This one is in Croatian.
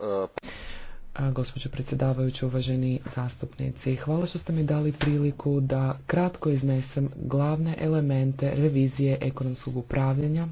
Uh, gospođo predsjedavajući, uvaženi zastupnici, hvala što ste mi dali priliku da kratko iznesem glavne elemente revizije ekonomskog upravljanja